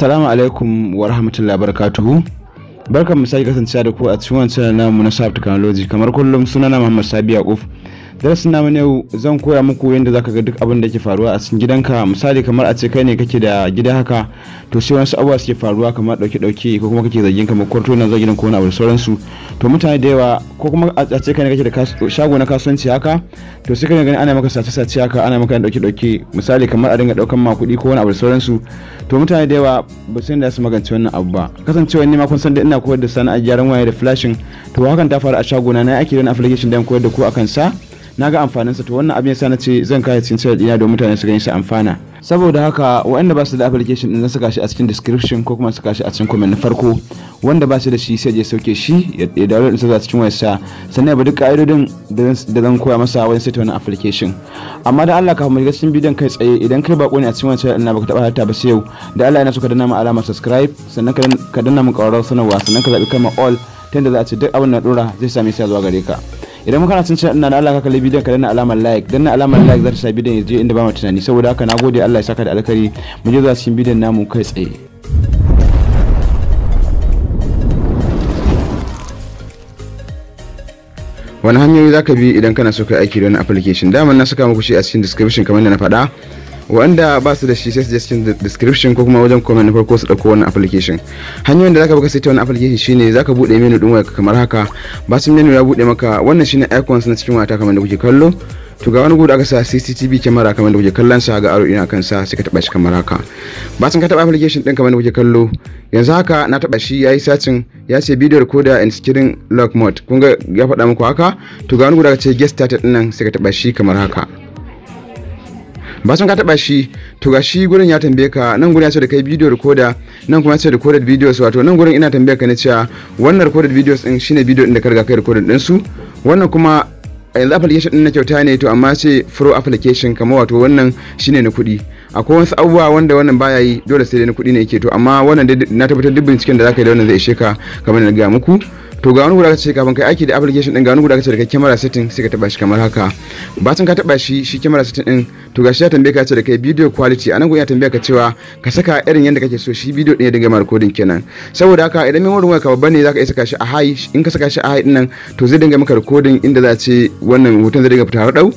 Assalamu alaikum wa rahmatullahi barakatuhu. Barkan mu sake kasancewa da ku a cikin wannan namu na Sharp Technology kamar kullum sunana Muhammad Sabi Yakuf. darasin namu yau zan koya muku yadda zaka ga duk abin da ke faruwa a cikin gidanka misali kamar a ce kai ne kake da gida haka to sai wasu abubuwa suke faruwa kamar dauke dauke ko kuma kake zargin kamar kwarto na zargin ko wani abu da sauransu to mutane da yawa ko kuma a ce kai ne kake da shago na kasuwanci haka to sai kai gani ana maka sace sace haka ana maka dauke dauke misali kamar a dinga daukan ma kuɗi ko wani abu da sauransu to mutane da yawa ba su da su magance wannan abu ba kasancewa ni ma kun san da ina koyar da sana'ar gyaran waya da flashing to hakan ta faru a shago na na ake da application da koyar da ku akan sa na ga amfaninsa to wannan abin yasa na ce zan kaya cikin sayar ɗina don mutane su gani su amfana saboda haka waɗanda ba su da application ɗin na saka shi a cikin description ko kuma saka shi a cikin comment na farko wanda ba su da shi sai je sauke shi ya dawo ɗinsa a cikin wayarsa sannan ya bi duk din da zan koya masa wajen saita wannan application amma da Allah kafin mu shiga cikin bidiyon kai tsaye idan kai bako ne a cikin wannan channel ina baka taɓa halarta ba sai yau da Allah yana so ka danna mu alamar subscribe sannan ka danna mu ƙwararrar sanarwa sannan ka zaɓi ma all ta yadda za a ce duk abin da ɗora zai sami sa zuwa gare ka idan muka son cewa ina da Allah ka kalli bidiyon ka danna alamar like danna alamar like zata sa bidiyon ya je inda ba mu tunani saboda haka nagode Allah ya saka da alkhairi mu je za su yi bidiyon namu kai tsaye wani hanyoyi za ka bi idan kana so kai aiki da wani application daman na saka muku shi a cikin description kamar da na faɗa wanda ba su da shi sai suje cikin description ko kuma wajen comment na farko su dauko wannan application hanyoyin da zaka buka sai ta wannan application shine zaka bude menu din waya kamar haka ba su menu ya bude maka wannan shine icons na cikin wata kamar da kuke kallo to ga wani gudu aka sa CCTV camera kamar da kuke kallon sa ga aro ina kan sa sai ka taba shi kamar haka ba sun ka taba application din kamar da kuke kallo yanzu haka na taba shi yayi searching ya ce video recorder and screen lock mode kun ga ya faɗa muku haka to ga wani gudu aka ce guest started din nan sai ka taba shi kamar haka sun ka taba shi to ga shi gurin ya tambaye ka nan gurin ya ce da kai video recorder nan kuma ya ce recorded videos wato nan gurin ina tambaye ka na cewa wannan recorded videos din shine video din da ka riga kai recorded din su wannan kuma yanzu application din na kyauta ne to amma ce pro application kamar wato wannan shine na kuɗi akwai wasu abubuwa wanda wannan baya yi dole sai dai na kuɗi ne yake to amma wannan na tabbatar dubbin cikin da zaka yi da wannan zai ishe ka kamar na gaya muku to ga wani guda kace kafin kai aiki da application din ga wani guda kace da camera setting sai ka taba shi kamar haka bacin ka taba shi shi camera setting din to gashi ya tambaye ka ce da kai video quality anan gurin ya tambaye ka cewa ka saka irin yanda kake so shi video din ya dinga ma recording kenan saboda haka idan memory waya ka babban ne zaka iya saka shi a high in ka saka shi a high din nan to zai dinga maka recording inda za ce wannan hoton zai dinga fita dau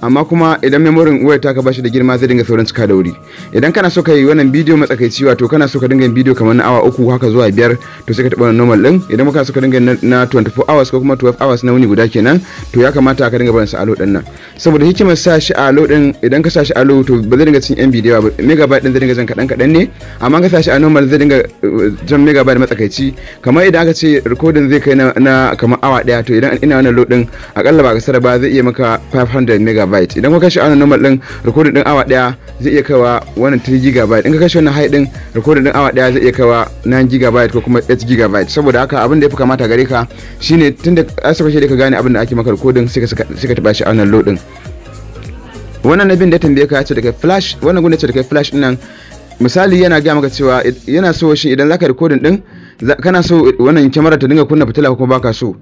amma kuma idan memorin wayar ka bashi da girma zai dinga sauran cika da wuri idan kana so ka yi wannan bidiyo matsakaici wato kana so ka dinga yin bidiyo kamar na awa uku haka zuwa biyar to sai ka taɓa normal din idan kana so ka dinga na 24 hours ko kuma 12 hours na wuni guda kenan to ya kamata ka dinga barin sa alo din nan saboda hikimar sa shi alo din idan ka sa shi alo to ba zai dinga cin yan bidiyo ba megabyte din zai dinga jan kaɗan kaɗan ne amma ka sa shi a normal zai dinga eh, jan megabyte matsakaici kamar idan aka ce recording zai kai na kamar awa ɗaya to idan ina wannan load din akalla ba ka sara ba zai iya maka 500 megabyte GB idan ka kashe wannan normal din recording din awa daya zai iya kaiwa wannan 3 GB in ka kashe wannan high din recording din awa daya zai iya kaiwa 9 GB ko kuma 8 GB saboda haka abin da ya fi kamata gare ka shine tunda saka shi da ka gane abin da ake maka recording sai ka sai ka taba shi a wannan load din wannan bin da tambaye ka ya ce daga flash wannan gunda ce daga flash din nan misali yana gaya maka cewa yana so shi idan zaka recording din kana so wannan kamera ta dinga kunna fitila ko baka so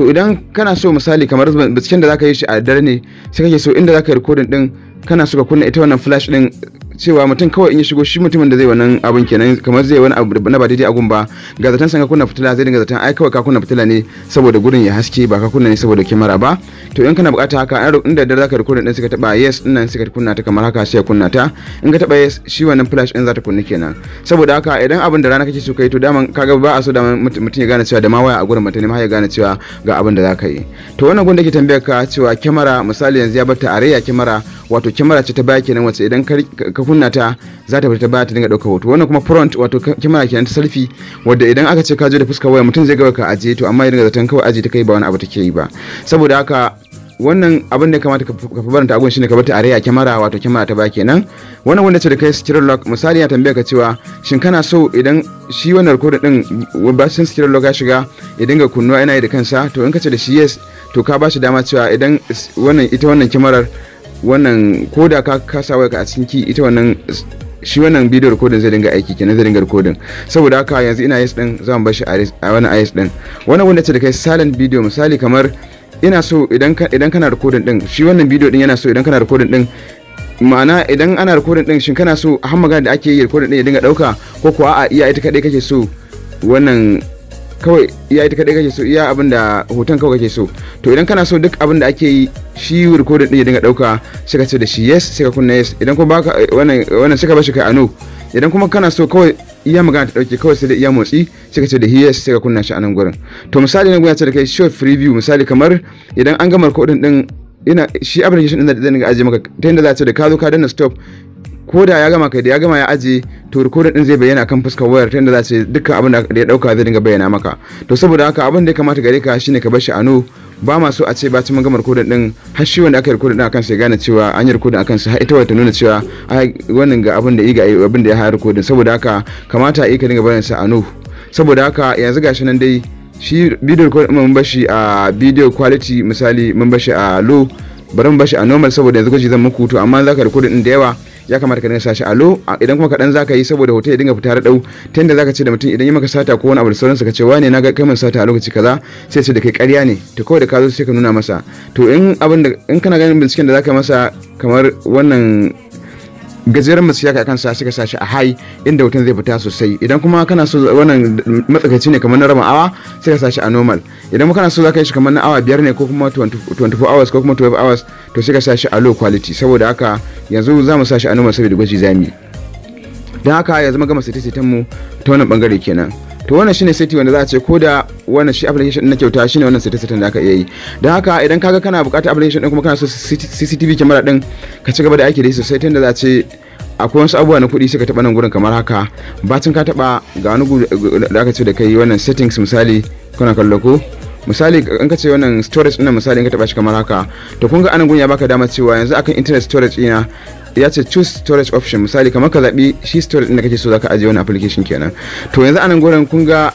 to idan kana so misali kamar bisken da zaka yi shi a dare ne sai kake so inda zaka yi recording din kana so ka kunna ita wannan flash din cewa mutum kawai in ya shigo shi mutumin da zai wannan abin kenan kamar zai wani abu na ba daidai a gumba ba ga zaton san kuna fitila zai dinga zaton ai kawai ka kuna fitila ne saboda gurin ya haske ba ka kunna ne saboda kyamara ba to in kana bukata haka in da za zaka rikodin din suka taba yes din nan suka kunna ta kamar haka sai kunna ta in ka taba yes shi wannan flash din za ta kunna kenan saboda haka idan abin da rana kake so kai to daman kaga ba a so dama mutum ya gane cewa da ma waya a gurin ma ya gane cewa ga abin da zaka yi to wannan gun da ke tambayar ka cewa kyamara misali yanzu ya bar ta areya reya wato kyamara ce ta baya kenan wacce idan ka kunna ta za ta fita baya ta dinga dauka hoto wannan kuma front wato kyamara kenan ta selfie wadda idan aka ce ka je da fuskar waya mutum zai ga ka ajiye to amma ya dinga zaton kawai ajiye ta kai ba wani abu take yi ba saboda haka wannan abin da ya kamata ka fi baranta agun shine ka bata areya a kyamara wato kyamara ta ba kenan wannan wanda ce da kai screen lock misali ya tambaya ka cewa shin kana so idan shi wannan record din bashin screen lock ya shiga ya dinga kunnuwa yana yi da kansa to in ka ce da shi yes to ka ba shi dama cewa idan wannan ita wannan kyamarar wannan ko da ka kasa waya a cikin ki ita wannan shi wannan bidiyo recording zai dinga aiki kenan zai dinga recording saboda haka yanzu ina yes din zan bar shi a wannan is din wannan wanda ce da kai silent video misali kamar ina so idan idan kana recording din shi wannan bidiyo din yana so idan kana recording din ma'ana idan ana recording din shin kana so a magana da ake yi recording din ya dinga dauka ko kuwa a iya ita kadai kake so wannan kawai iya ita kaɗai kake so iya abin da hoton kawai kake so to idan kana so duk abin da ake yi shi recording din ya dinga ɗauka sai ka ce da shi yes sai ka kunna yes idan kuma baka wannan wannan sai ka bashi ka ano idan kuma kana so kawai iya magana ta ɗauke kawai sai da iya motsi sai ka ce da yes sai ka kunna shi a nan gurin to misali ne gwaya ce da kai short preview misali kamar idan an gama recording din ina shi shi ɗin da zai dinga ajiye maka ta yadda za ta da ka zo ka danna stop ko da ya gama kai da ya gama ya aje to recorder din zai bayyana kan fuskar wayar ta inda za ce dukkan abin da ya dauka zai dinga bayyana maka to saboda haka abin da ya kamata gare ka shine ka bar shi a ba ma so a ce bacin mun gama recording din har shi wanda aka recording din akan sai gane cewa an yi recording akan sa har ita wata nuna cewa ai wannan ga abin da yi ga abin da ya haɗa recording saboda haka kamata yi ka dinga bayyana sa a saboda haka yanzu gashi nan dai shi video recording mun bashi a video quality misali mun bashi a low bari mun bashi a normal saboda yanzu gwaji zan muku to amma za ka recording din da yawa ya kamata ka dinga sashi alo idan kuma kaɗan zaka yi saboda hoto ya dinga fita dau ta yadda zaka ce da mutum idan ya maka sata ko wani abu da sauransu ka ce wane na ga kai mun sata a lokaci kaza sai su da kai ƙarya ne to kawai da ka zo sai ka nuna masa to in abin da in kana ganin binciken da zaka masa kamar wannan gajeren matsiya kan kansa suka sashi a high inda wutan zai fita sosai idan kuma kana so wannan matsakaici ne kamar na rama awa suka sashi a normal idan kuma kana so za ka yi shi kamar na awa biyar ne ko kuma 24 hours ko kuma 12 hours to suka sashi a low quality saboda haka yanzu za mu sashi a normal saboda gwaji zamu yi don haka ya zama gama seti setin mu ta wannan bangare kenan to wannan shine seti wanda za a ce ko da wannan shi application na kyauta shine wannan seti setin da aka iya yi don haka idan kaga kana buƙatar application din kuma kana so CCTV camera din ka ci gaba da aiki da shi sosai ta da za a ce akwai wasu abubuwa na kuɗi suka taɓa nan gurin kamar haka bacin ka taɓa ga wani da aka ce da kai wannan settings misali kana kallo ko misali in ka ce wannan storage ɗin misali in ka taɓa shi kamar haka to kun ga anan gun ya baka dama cewa yanzu akan internet storage ina ya ce choose storage option misali kamar ka zaɓi shi storage ɗin da kake so zaka ajiye wani application kenan to yanzu anan gurin kun ga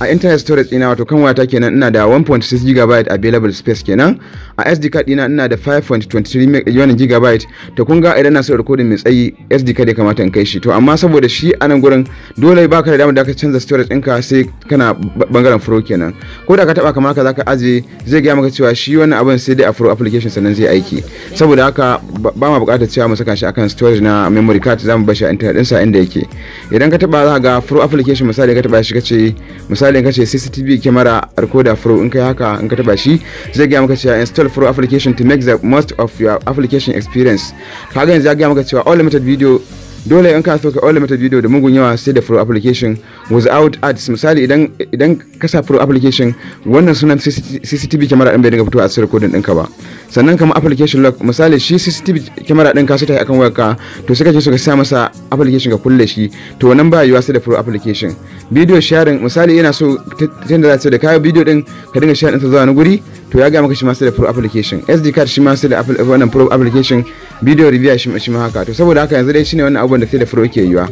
a internet storage ina wato kan wayata kenan ina da 1.6 gigabyte available space kenan a sd card dina ina da 5.23 miliyan gigabyte to kun ga idan na so recording mai tsayi sd card ya kamata in kai shi to amma saboda shi a nan gurin dole baka da damar da ka canza storage ɗinka sai kana bangaren pro kenan ko da ka taba kamar ka zaka aje zai gaya maka cewa shi wannan abin sai dai a pro application sannan zai aiki saboda haka ba ma bukatar cewa mu saka shi akan storage na memory card zamu bashi a internet sa inda yake idan ka taba za ga pro application misali ka taba shi kace misali ce CCTV camera recorder pro in kai haka in ka taba shi zai gaya maka cewa install All Pro application to make the most of your application experience. Kaga yanzu ya gaya maka cewa all limited video dole in ka so ka all limited video da mugun yawa sai da pro application without ads misali idan idan ka sa pro application wannan sunan CCTV camera din bai dinga fitowa a cikin recording ɗinka ba sannan kamar application lock misali shi CCTV camera din ka sita akan wayar ka to sai ka je so ka sa masa application ka kulle shi to wannan ba yiwa sai da pro application video sharing misali yana so tunda za da kayan video din ka dinga sharing ta zuwa wani guri to ya ga maka shi ma sai da pro application SD card shi ma sai da wannan pro application bidiyo review shi shi haka to saboda haka yanzu dai shine wannan abun da sai da furo ke yiwa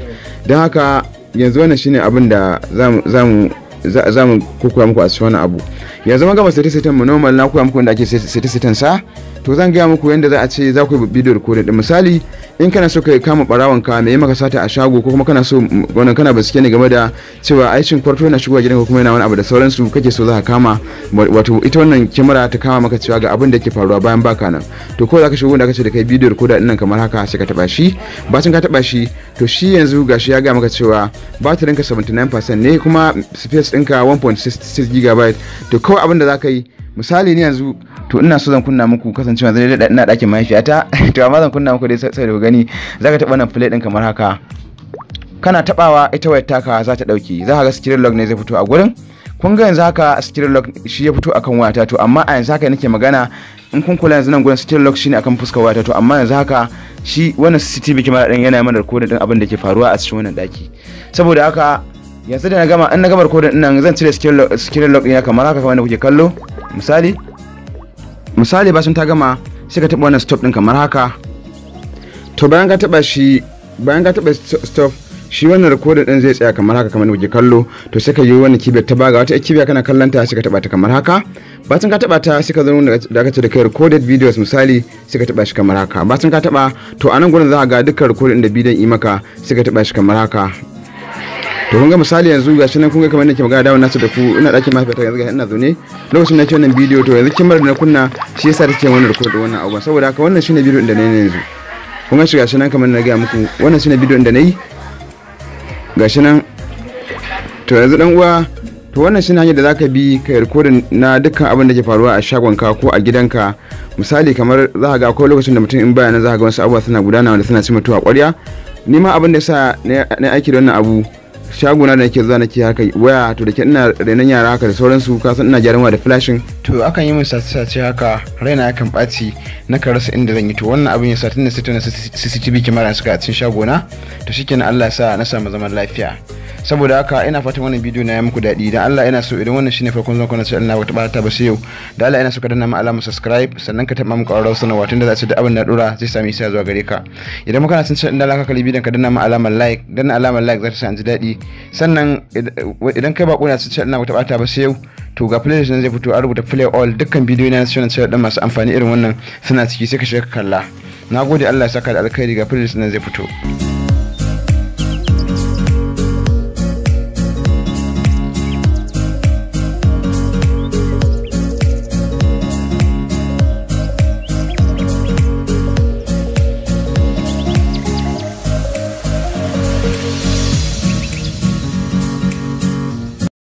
don haka yanzu wannan shine abun da zamu za mu koya muku a cikin wani abu yanzu mun gama sete seten mu normal na koya muku wanda ake sete seten sa to zan gaya muku yanda za a ce za ku yi bidiyo recording misali in kana so ka kama barawan ka me maka sata a shago ko kuma kana so wannan kana suke ne game da cewa aishin kwarto yana shigowa gidanka kuma yana wani abu da sauransu kake so za ka kama wato ita wannan kyamara ta kama maka cewa ga abin da ke faruwa bayan baka nan to ko za ka shigo da kace da kai bidiyo ko da dinnan kamar haka sai ka taba shi bacin ka taba shi to shi yanzu gashi ya ga maka cewa batirinka 79% ne kuma space dinka 1.66 gigabyte? to kawai abin da za ka yi misali ne yanzu to ina so zan kunna muku kasancewa zai da ina ɗakin mahaifiyata to amma zan kunna muku dai sai ku gani zaka taɓa wannan plate ɗin kamar haka kana taɓawa ita wayar taka za ta ɗauki za ka ga screen lock ne zai fito a gurin kun ga yanzu haka screen lock shi ya fito akan wayata to amma a yanzu haka nake magana in kun kula yanzu nan gurin screen lock shine akan fuskar wayata to amma yanzu haka shi wannan CCTV camera din yana mana recording din abin da ke faruwa a cikin wannan daki saboda haka yanzu da na gama in na gama recording din nan zan cire screen lock screen kamar haka kamar da kuke kallo misali misali sun ta gama sai ka taba wannan stop din kamar haka to bayan ka taba shi bayan ka taba stop shi wannan rikodin din zai tsaya kamar haka kamar muke kallo to sai ka yi wani kibiyar ta baga wata kibiya kana kallon ta sai ka taba ta kamar haka bacin ka taba ta sai ka zo da aka ce da kai recorded videos misali sai ka taba shi kamar haka bacin ka taba to a nan gurin za ka ga dukkan recording da bidiyon yi maka sai ka taba shi kamar haka to kun ga misali yanzu ga shi nan kun ga kamar nake magana da wannan nasu da ku ina ɗakin mahaifiyata yanzu ga ina zaune lokacin na ci wannan bidiyo to yanzu kimar da na kunna shi yasa take wannan record da wannan abubuwan saboda haka wannan shine bidiyo da na yi yanzu kun ga shi nan kamar na gaya muku wannan shine bidiyon da na yi shi nan to yanzu dan uwa to wannan shine hanyar da zaka bi ka rikodin na dukkan abin da ke faruwa a shagonka ko a gidanka misali kamar za ka ga akwai lokacin da mutum in baya nan za ka ga wasu abubuwa suna gudana wanda suna cimma tuwa ƙwarya ni ma abin da yasa na aiki da wannan abu shaguna da nake zuwa nake haka waya to da ke ina renon yara haka da sauransu ka san ina jarumwa da flashing to akan yi min sace-sace haka raina yakan ɓaci na kan rasa inda zan yi to wannan abin ya satin da sai na CCTV kyamara suka a cikin shagona to shikenan Allah ya sa na samu zaman lafiya saboda haka ina fatan wannan bidiyo na ya muku daɗi idan Allah ina so idan wannan shine farkon zan kwana ce Allah wata bata ba sai yau da Allah ina so ka danna mu subscribe sannan ka taɓa mu ƙwarar sanarwa da za su da abin da dora zai sami isa zuwa gare ka idan muka na san cewa in da ka kalibi don ka danna ma'ala like danna alamar like za ta sa an ji daɗi sannan idan kai bako na sun ina wata bata ba sai yau to ga playlist nan zai fito a rubuta play all dukkan bidiyo na sun sai dan masu amfani irin wannan suna ciki sai ka shiga kalla nagode Allah ya saka da alkhairi ga playlist nan zai fito